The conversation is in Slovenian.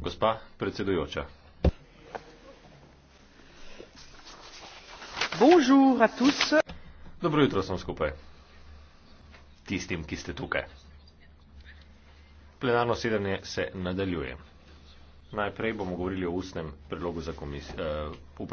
Gospa predsedujoča. Dobro jutro sem skupaj. Tistim, ki ste tukaj. Plenarno sedanje se nadaljuje. Najprej bomo govorili o ustnem predlogu za komisijo. Uh, eh,